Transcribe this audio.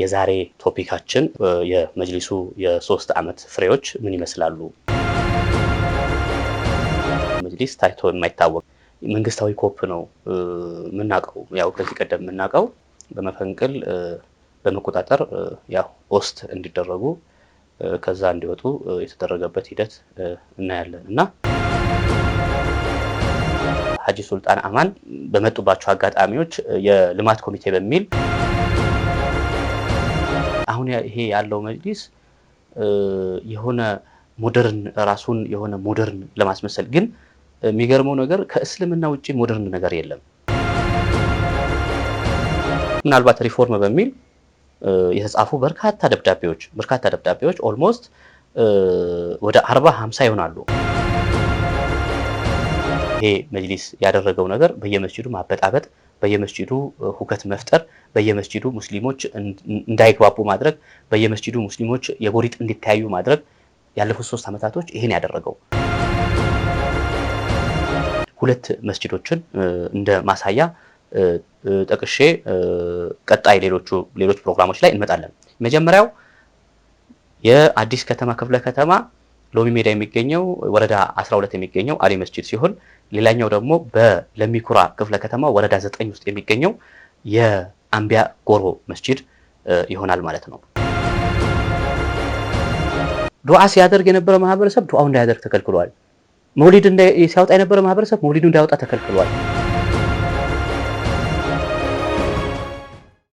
የዛሬ ቶፒካችን የመጅሊሱ የሶስት ዓመት ፍሬዎች ምን ይመስላሉ? መጅሊስ ታይቶ የማይታወቅ መንግስታዊ ኮፕ ነው የምናውቀው። ያው ከዚህ ቀደም የምናውቀው በመፈንቅል በመቆጣጠር ያው ኦስት እንዲደረጉ ከዛ እንዲወጡ የተደረገበት ሂደት እናያለን እና ሀጂ ሱልጣን አማን በመጡባቸው አጋጣሚዎች የልማት ኮሚቴ በሚል አሁን ይሄ ያለው መጅሊስ የሆነ ሞደርን ራሱን የሆነ ሞደርን ለማስመሰል ግን የሚገርመው ነገር ከእስልምና ውጭ ሞደርን ነገር የለም። ምናልባት ሪፎርም በሚል የተጻፉ በርካታ ደብዳቤዎች በርካታ ደብዳቤዎች ኦልሞስት ወደ አርባ ሀምሳ ይሆናሉ። ይሄ መጅሊስ ያደረገው ነገር በየመስጂዱ ማበጣበጥ፣ በየመስጂዱ ሁከት መፍጠር፣ በየመስጂዱ ሙስሊሞች እንዳይግባቡ ማድረግ፣ በየመስጂዱ ሙስሊሞች የጎሪጥ እንዲተያዩ ማድረግ ያለፉት ሶስት ዓመታቶች ይሄን ያደረገው ሁለት መስጂዶችን እንደ ማሳያ ጠቅሼ ቀጣይ ሌሎቹ ሌሎች ፕሮግራሞች ላይ እንመጣለን። መጀመሪያው የአዲስ ከተማ ክፍለ ከተማ ሎሚ ሜዳ የሚገኘው ወረዳ 12 የሚገኘው አሊ መስጂድ ሲሆን ሌላኛው ደግሞ በለሚኩራ ክፍለ ከተማ ወረዳ ዘጠኝ ውስጥ የሚገኘው የአምቢያ ጎሮ መስጂድ ይሆናል ማለት ነው። ዱዓ ሲያደርግ የነበረ ማህበረሰብ ዱዓው እንዳያደርግ ተከልክሏል። መውሊድ ሲያወጣ የነበረ ማህበረሰብ መውሊዱ እንዳያወጣ ተከልክሏል።